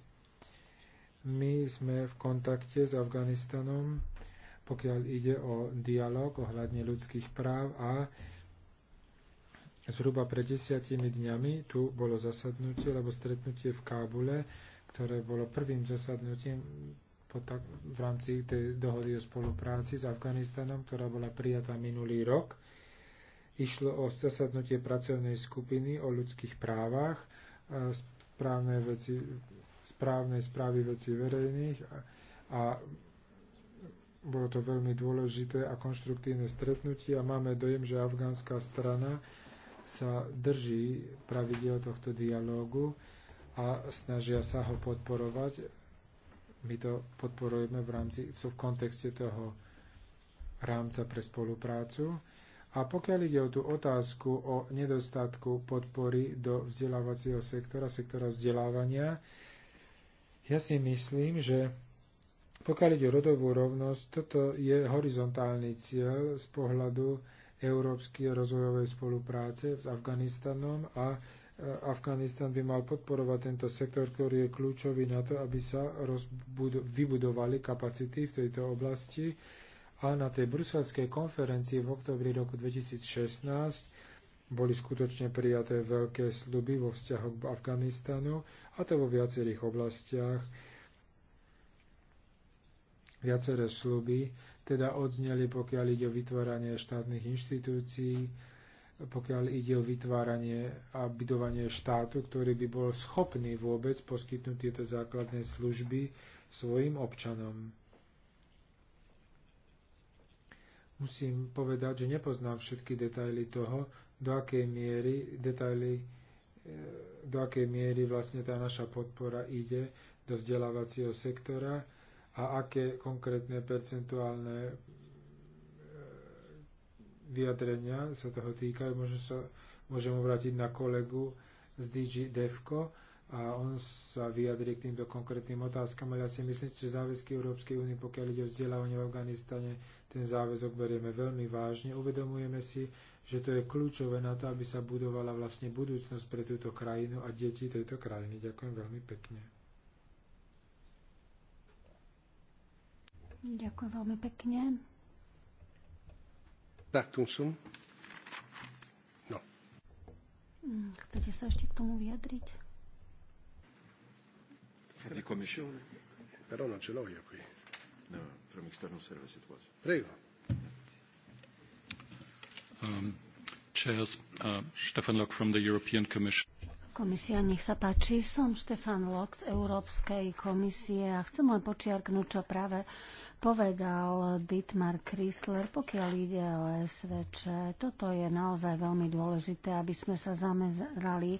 My sme v kontakte s Afganistanom pokiaľ ide o dialog ohľadne ľudských práv a zhruba pred desiatimi dňami tu bolo zasadnutie alebo stretnutie v Kábule, ktoré bolo prvým zasadnutím v rámci tej dohody o spolupráci s Afganistanom, ktorá bola prijatá minulý rok. Išlo o zasadnutie pracovnej skupiny o ľudských právach, správne veci, správne správy veci verejných a, a bolo to veľmi dôležité a konštruktívne stretnutie a máme dojem, že afgánska strana sa drží pravidel tohto dialógu a snažia sa ho podporovať. My to podporujeme v rámci, v kontexte toho rámca pre spoluprácu. A pokiaľ ide o tú otázku o nedostatku podpory do vzdelávacieho sektora, sektora vzdelávania, ja si myslím, že pokiaľ ide o rodovú rovnosť, toto je horizontálny cieľ z pohľadu európskej rozvojovej spolupráce s Afganistanom a e, Afganistan by mal podporovať tento sektor, ktorý je kľúčový na to, aby sa vybudovali kapacity v tejto oblasti. A na tej bruselskej konferencii v oktobri roku 2016 boli skutočne prijaté veľké sluby vo vzťahu k Afganistanu, a to vo viacerých oblastiach Viaceré sluby teda odzneli, pokiaľ ide o vytváranie štátnych inštitúcií, pokiaľ ide o vytváranie a budovanie štátu, ktorý by bol schopný vôbec poskytnúť tieto základné služby svojim občanom. Musím povedať, že nepoznám všetky detaily toho, do akej miery detaily e, do akej miery vlastne tá naša podpora ide do vzdelávacieho sektora, a aké konkrétne percentuálne e, vyjadrenia sa toho týkajú. Môžem sa môžem obrátiť na kolegu z DG Devco a on sa vyjadri k týmto konkrétnym otázkam, ale ja si myslím, že záväzky Európskej únie, pokiaľ ide o vzdelávanie v Afganistane, ten záväzok berieme veľmi vážne. Uvedomujeme si, že to je kľúčové na to, aby sa budovala vlastne budúcnosť pre túto krajinu a deti tejto krajiny. Ďakujem veľmi pekne. Ďakujem veľmi pekne. Tak, tu som. No. Mm, chcete sa ešte k tomu vyjadriť? Chcete commissione. Però non lovi, ako je. No, from external service it was. Prego. Um, chairs, uh, Stefan Lok from the European Commission. Komisia, nech sa páči. Som Štefan Lok z Európskej komisie a chcem len počiarknúť, čo práve povedal Dietmar Chrysler, pokiaľ ide o SVČ. Toto je naozaj veľmi dôležité, aby sme sa zamerali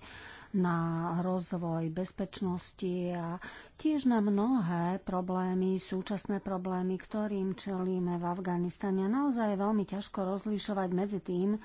na rozvoj bezpečnosti a tiež na mnohé problémy, súčasné problémy, ktorým čelíme v Afganistane. Naozaj je veľmi ťažko rozlišovať medzi tým,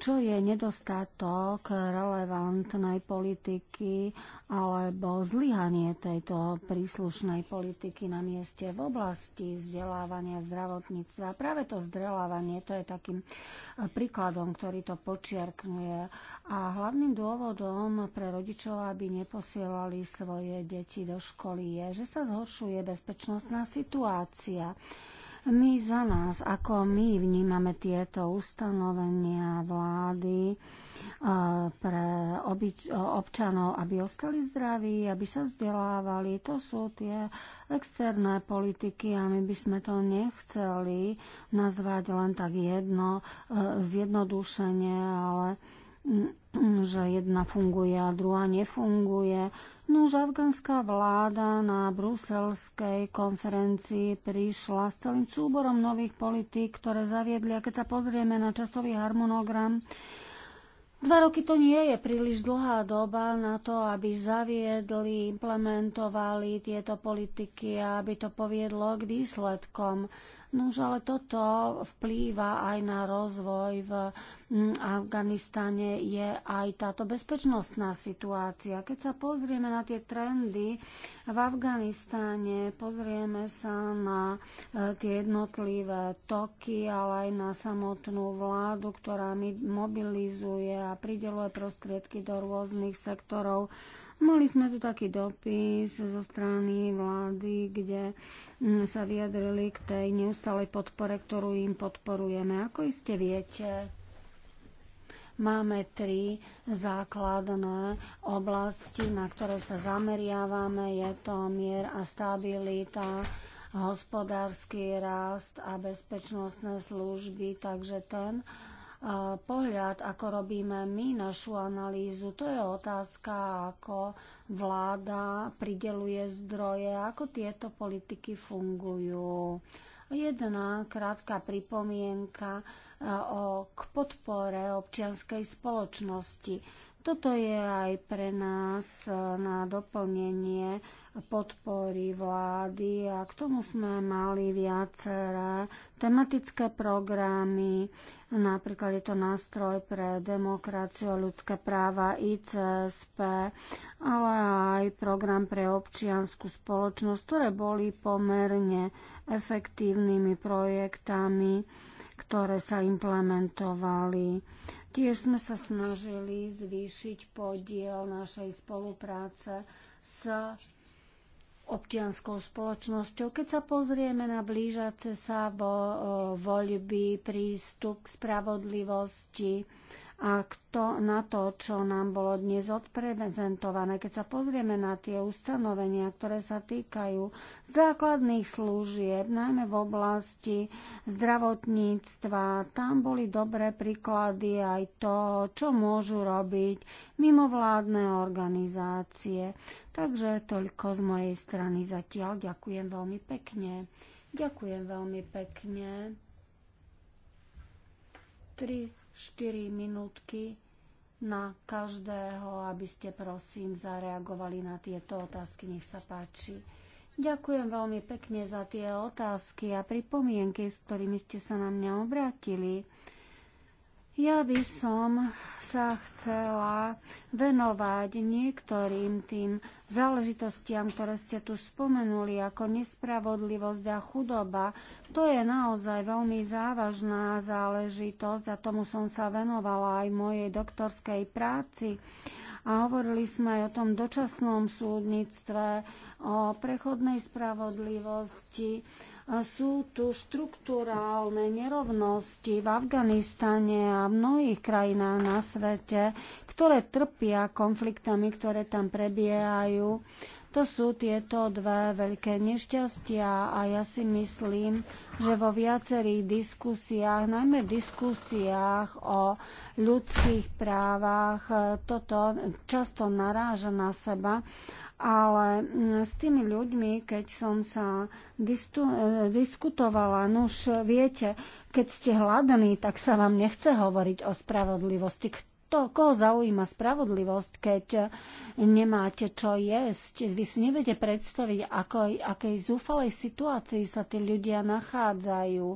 čo je nedostatok relevantnej politiky alebo zlyhanie tejto príslušnej politiky na mieste v oblasti vzdelávania zdravotníctva. Práve to vzdelávanie to je takým eh, príkladom, ktorý to počiarknuje. A hlavným dôvodom pre rodičov, aby neposielali svoje deti do školy, je, že sa zhoršuje bezpečnostná situácia. My za nás, ako my vnímame tieto ustanovenia vlády e, pre občanov, aby ostali zdraví, aby sa vzdelávali, to sú tie externé politiky a my by sme to nechceli nazvať len tak jedno, e, zjednodušenie, ale že jedna funguje a druhá nefunguje. Nuž no, afgánska vláda na bruselskej konferencii prišla s celým súborom nových politík, ktoré zaviedli. A keď sa pozrieme na časový harmonogram, Dva roky to nie je príliš dlhá doba na to, aby zaviedli, implementovali tieto politiky a aby to poviedlo k výsledkom. Nuž, ale toto vplýva aj na rozvoj v Afganistane, je aj táto bezpečnostná situácia. Keď sa pozrieme na tie trendy v Afganistane, pozrieme sa na e, tie jednotlivé toky, ale aj na samotnú vládu, ktorá mobilizuje a prideluje prostriedky do rôznych sektorov Mali sme tu taký dopis zo strany vlády, kde mm, sa vyjadrili k tej neustálej podpore, ktorú im podporujeme. Ako iste viete, máme tri základné oblasti, na ktoré sa zameriavame. Je to mier a stabilita, hospodársky rast a bezpečnostné služby. Takže ten pohľad, ako robíme my našu analýzu, to je otázka, ako vláda prideluje zdroje, ako tieto politiky fungujú. Jedna krátka pripomienka e, o, k podpore občianskej spoločnosti. Toto je aj pre nás e, na doplnenie podpory vlády a k tomu sme mali viaceré tematické programy, napríklad je to nástroj pre demokraciu a ľudské práva ICSP, ale aj program pre občianskú spoločnosť, ktoré boli pomerne efektívnymi projektami, ktoré sa implementovali. Tiež sme sa snažili zvýšiť podiel našej spolupráce s občianskou spoločnosťou. Keď sa pozrieme na blížace sa vo, voľby, prístup k spravodlivosti, a kto na to, čo nám bolo dnes odprezentované. Keď sa pozrieme na tie ustanovenia, ktoré sa týkajú základných služieb, najmä v oblasti zdravotníctva, tam boli dobré príklady aj to, čo môžu robiť mimovládne organizácie. Takže toľko z mojej strany zatiaľ. Ďakujem veľmi pekne. Ďakujem veľmi pekne. Tri 4 minútky na každého, aby ste prosím zareagovali na tieto otázky. Nech sa páči. Ďakujem veľmi pekne za tie otázky a pripomienky, s ktorými ste sa na mňa obrátili. Ja by som sa chcela venovať niektorým tým záležitostiam, ktoré ste tu spomenuli, ako nespravodlivosť a chudoba. To je naozaj veľmi závažná záležitosť a tomu som sa venovala aj mojej doktorskej práci. A hovorili sme aj o tom dočasnom súdnictve, o prechodnej spravodlivosti, sú tu štruktúrálne nerovnosti v Afganistane a v mnohých krajinách na svete, ktoré trpia konfliktami, ktoré tam prebiehajú. To sú tieto dve veľké nešťastia a ja si myslím, že vo viacerých diskusiách, najmä v diskusiách o ľudských právach, toto často naráža na seba ale mm, s tými ľuďmi, keď som sa distu, e, diskutovala, no už viete, keď ste hladní, tak sa vám nechce hovoriť o spravodlivosti. Kto, koho zaujíma spravodlivosť, keď e, nemáte čo jesť? Vy si neviete predstaviť, ako, akej zúfalej situácii sa tí ľudia nachádzajú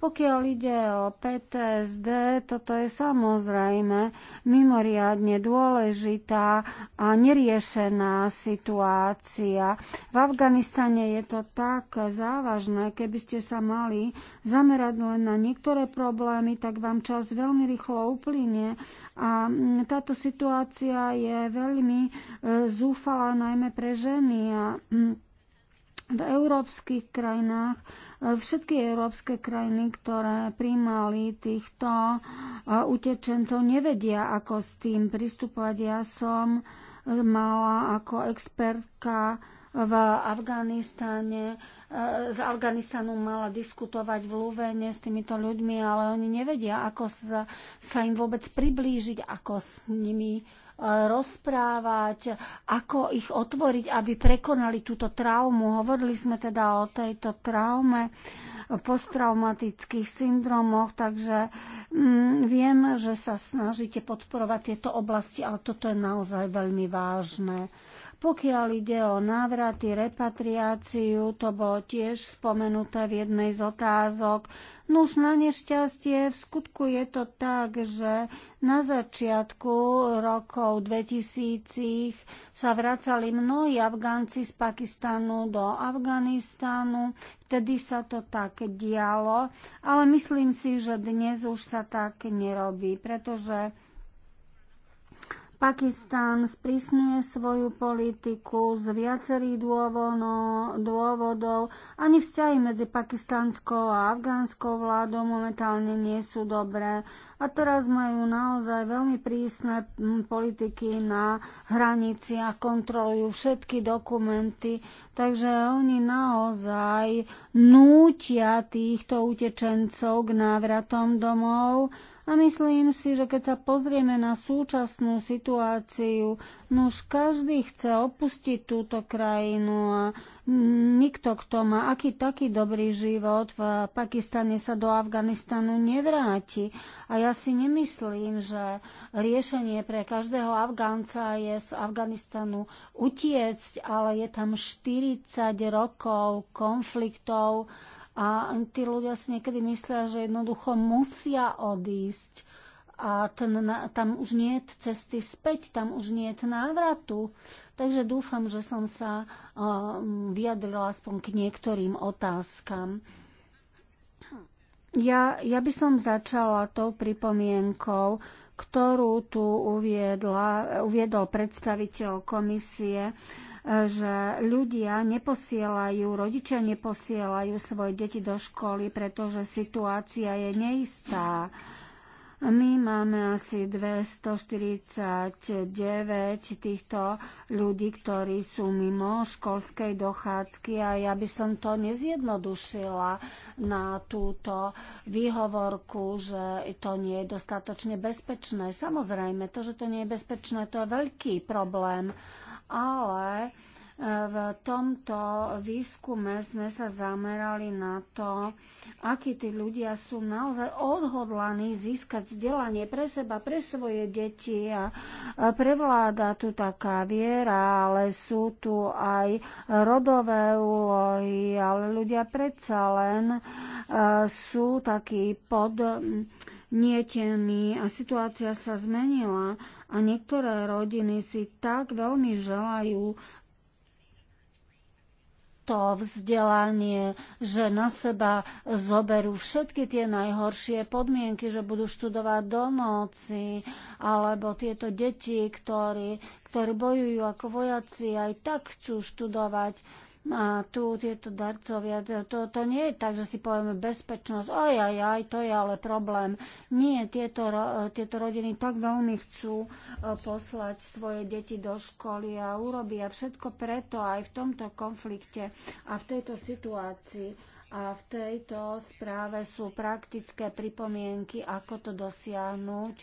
pokiaľ ide o PTSD, toto je samozrejme mimoriadne dôležitá a neriešená situácia. V Afganistane je to tak závažné, keby ste sa mali zamerať len na niektoré problémy, tak vám čas veľmi rýchlo uplynie. A táto situácia je veľmi e, zúfalá najmä pre ženy. A, mm, v európskych krajinách, eh, všetky európske krajiny, ktoré príjmali týchto eh, utečencov, nevedia, ako s tým pristupovať. Ja som mala ako expertka v Afganistáne. Eh, z Afganistanu mala diskutovať v Luvene s týmito ľuďmi, ale oni nevedia, ako sa, sa im vôbec priblížiť, ako s nimi rozprávať, ako ich otvoriť, aby prekonali túto traumu. Hovorili sme teda o tejto traume posttraumatických syndromoch, takže mm, viem, že sa snažíte podporovať tieto oblasti, ale toto je naozaj veľmi vážne. Pokiaľ ide o návraty, repatriáciu, to bolo tiež spomenuté v jednej z otázok. No už na nešťastie v skutku je to tak, že na začiatku rokov 2000 sa vracali mnohí Afgánci z Pakistanu do Afganistanu. Vtedy sa to tak dialo, ale myslím si, že dnes už sa tak nerobí, pretože Pakistán sprísňuje svoju politiku z viacerých dôvodov. Ani vzťahy medzi pakistánskou a afgánskou vládou momentálne nie sú dobré. A teraz majú naozaj veľmi prísne politiky na a kontrolujú všetky dokumenty. Takže oni naozaj nútia týchto utečencov k návratom domov a myslím si, že keď sa pozrieme na súčasnú situáciu, no už každý chce opustiť túto krajinu a nikto, kto má aký taký dobrý život v Pakistane sa do Afganistanu nevráti. A ja si nemyslím, že riešenie pre každého Afgánca je z Afganistanu utiecť, ale je tam 40 rokov konfliktov, a tí ľudia si niekedy myslia, že jednoducho musia odísť a ten, tam už nie je cesty späť, tam už nie je návratu. Takže dúfam, že som sa vyjadrila aspoň k niektorým otázkam. Ja, ja by som začala tou pripomienkou, ktorú tu uviedla, uviedol predstaviteľ komisie. Uh, že ľudia neposielajú, rodičia neposielajú svoje deti do školy, pretože situácia je neistá. My máme asi 249 týchto ľudí, ktorí sú mimo školskej dochádzky a ja by som to nezjednodušila na túto výhovorku, že to nie je dostatočne bezpečné. Samozrejme, to, že to nie je bezpečné, to je veľký problém ale e, v tomto výskume sme sa zamerali na to, akí tí ľudia sú naozaj odhodlaní získať vzdelanie pre seba, pre svoje deti a prevláda tu taká viera, ale sú tu aj rodové úlohy, ale ľudia predsa len sú takí pod nietení a situácia sa zmenila a niektoré rodiny si tak veľmi želajú to vzdelanie, že na seba zoberú všetky tie najhoršie podmienky, že budú študovať do noci, alebo tieto deti, ktorí, ktorí bojujú ako vojaci, aj tak chcú študovať No a tu tieto darcovia, to, to nie je tak, že si povieme bezpečnosť, aj, aj, aj, to je ale problém. Nie, tieto, tieto rodiny tak veľmi chcú e, poslať svoje deti do školy a urobia všetko preto aj v tomto konflikte a v tejto situácii. A v tejto správe sú praktické pripomienky, ako to dosiahnuť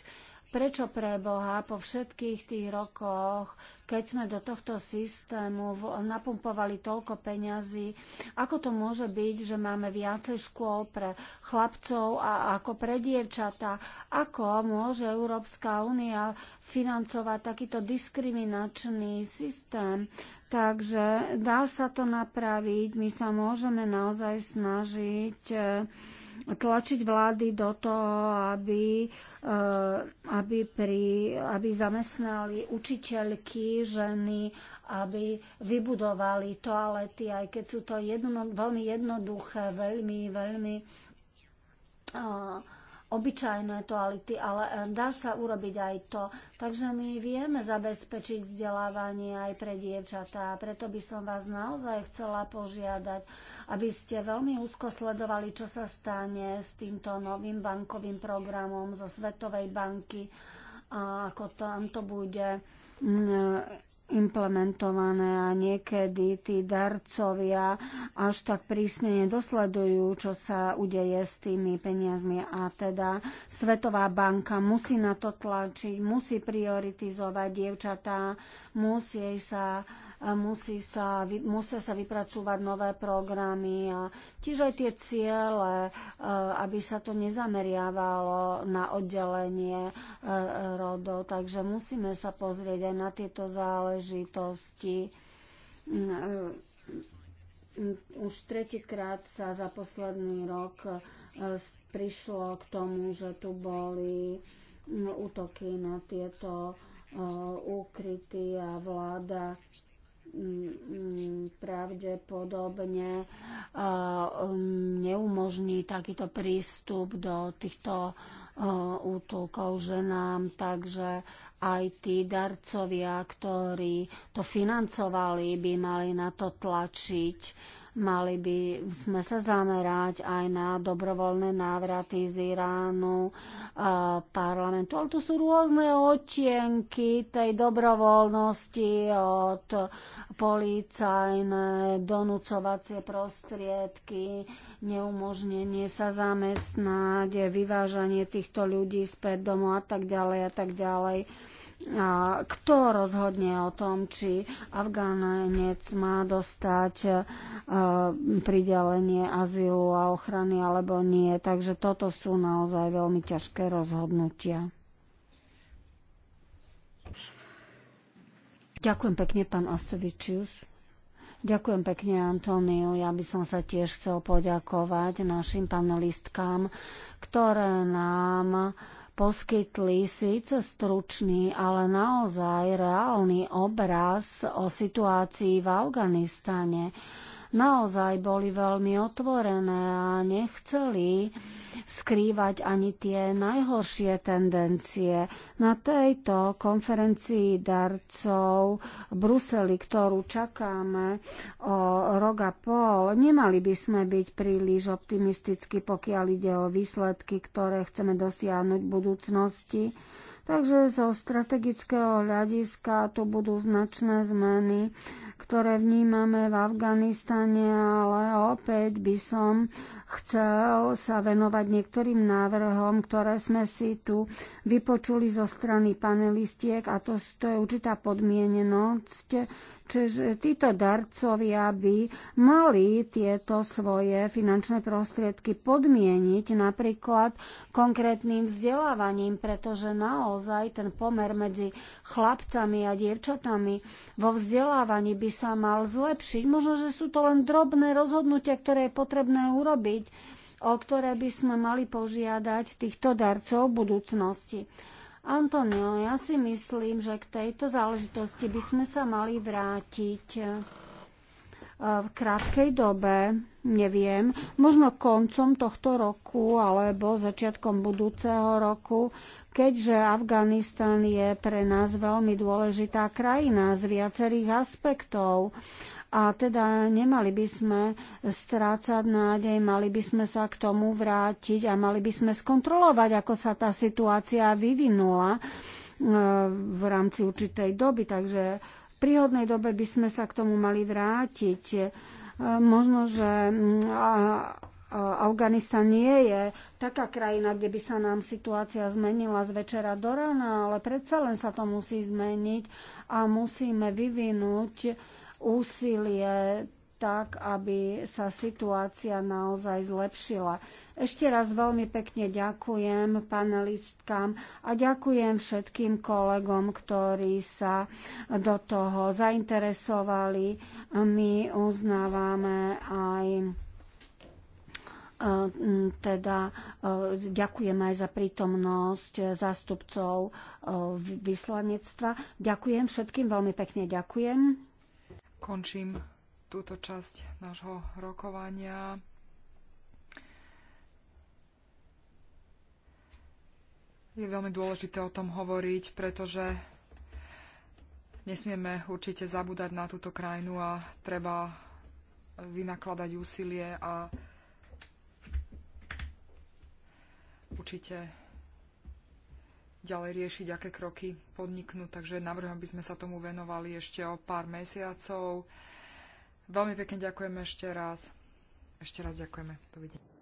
Prečo pre Boha po všetkých tých rokoch, keď sme do tohto systému napumpovali toľko peňazí, ako to môže byť, že máme viacej škôl pre chlapcov a ako pre dievčata? Ako môže Európska únia financovať takýto diskriminačný systém? Takže dá sa to napraviť, my sa môžeme naozaj snažiť eh, tlačiť vlády do toho, aby, eh, aby, pri, aby zamestnali učiteľky, ženy, aby vybudovali toalety, aj keď sú to jedno, veľmi jednoduché, veľmi, veľmi uh, obyčajné toality, ale eh, dá sa urobiť aj to. Takže my vieme zabezpečiť vzdelávanie aj pre dievčatá. Preto by som vás naozaj chcela požiadať, aby ste veľmi úzko sledovali, čo sa stane s týmto novým bankovým programom zo Svetovej banky a ako tam to bude Mm, implementované a niekedy tí darcovia až tak prísne nedosledujú, čo sa udeje s tými peniazmi a teda Svetová banka musí na to tlačiť, musí prioritizovať dievčatá, musí sa uh, musí sa, musia sa vypracúvať nové programy a tiež aj tie ciele, e, aby sa to nezameriavalo na oddelenie e, rodov. Takže musíme sa pozrieť aj na tieto záležitosti mm, e, už tretíkrát sa za posledný rok prišlo k tomu, že tu boli mm, útoky na tieto úkryty a vláda Mm, pravdepodobne um, neumožní takýto prístup do týchto útulkov ženám, takže aj tí darcovia, ktorí to financovali, by mali na to tlačiť Mali by sme sa zamerať aj na dobrovoľné návraty z Iránu e, parlamentu. Ale tu sú rôzne odtienky tej dobrovoľnosti od policajné, donúcovacie prostriedky, neumožnenie sa zamestnať, vyvážanie týchto ľudí späť domov a tak ďalej a tak ďalej kto rozhodne o tom, či Afgánec má dostať e, pridelenie azylu a ochrany alebo nie. Takže toto sú naozaj veľmi ťažké rozhodnutia. Ďakujem pekne, pán Asovičius. ďakujem pekne, Antóniu. Ja by som sa tiež chcel poďakovať našim panelistkám, ktoré nám poskytli síce stručný, ale naozaj reálny obraz o situácii v Afganistane naozaj boli veľmi otvorené a nechceli skrývať ani tie najhoršie tendencie. Na tejto konferencii darcov v Bruseli, ktorú čakáme o rok a pol, nemali by sme byť príliš optimistickí, pokiaľ ide o výsledky, ktoré chceme dosiahnuť v budúcnosti. Takže zo strategického hľadiska tu budú značné zmeny ktoré vnímame v Afganistane, ale opäť by som chcel sa venovať niektorým návrhom, ktoré sme si tu vypočuli zo strany panelistiek a to, to je určitá podmienenosť Čiže títo darcovia by mali tieto svoje finančné prostriedky podmieniť napríklad konkrétnym vzdelávaním, pretože naozaj ten pomer medzi chlapcami a dievčatami vo vzdelávaní by sa mal zlepšiť. Možno, že sú to len drobné rozhodnutia, ktoré je potrebné urobiť, o ktoré by sme mali požiadať týchto darcov v budúcnosti. Antonio, ja si myslím, že k tejto záležitosti by sme sa mali vrátiť E, v krátkej dobe, neviem, možno koncom tohto roku alebo začiatkom budúceho roku, keďže Afganistan je pre nás veľmi dôležitá krajina z viacerých aspektov. A teda nemali by sme strácať nádej, mali by sme sa k tomu vrátiť a mali by sme skontrolovať, ako sa tá situácia vyvinula e, v rámci určitej doby. Takže príhodnej dobe by sme sa k tomu mali vrátiť. E, možno, že Afganistan nie je taká krajina, kde by sa nám situácia zmenila z večera do rána, ale predsa len sa to musí zmeniť a musíme vyvinúť úsilie tak, aby sa situácia naozaj zlepšila. Ešte raz veľmi pekne ďakujem panelistkám a ďakujem všetkým kolegom, ktorí sa do toho zainteresovali. My uznávame aj e, teda e, ďakujem aj za prítomnosť zástupcov e, vyslanectva. Ďakujem všetkým, veľmi pekne ďakujem. Končím túto časť nášho rokovania. Je veľmi dôležité o tom hovoriť, pretože nesmieme určite zabúdať na túto krajinu a treba vynakladať úsilie a určite ďalej riešiť, aké kroky podniknú. Takže navrhujem, aby sme sa tomu venovali ešte o pár mesiacov. Veľmi pekne ďakujem ešte raz. Ešte raz ďakujeme. Dovidenia.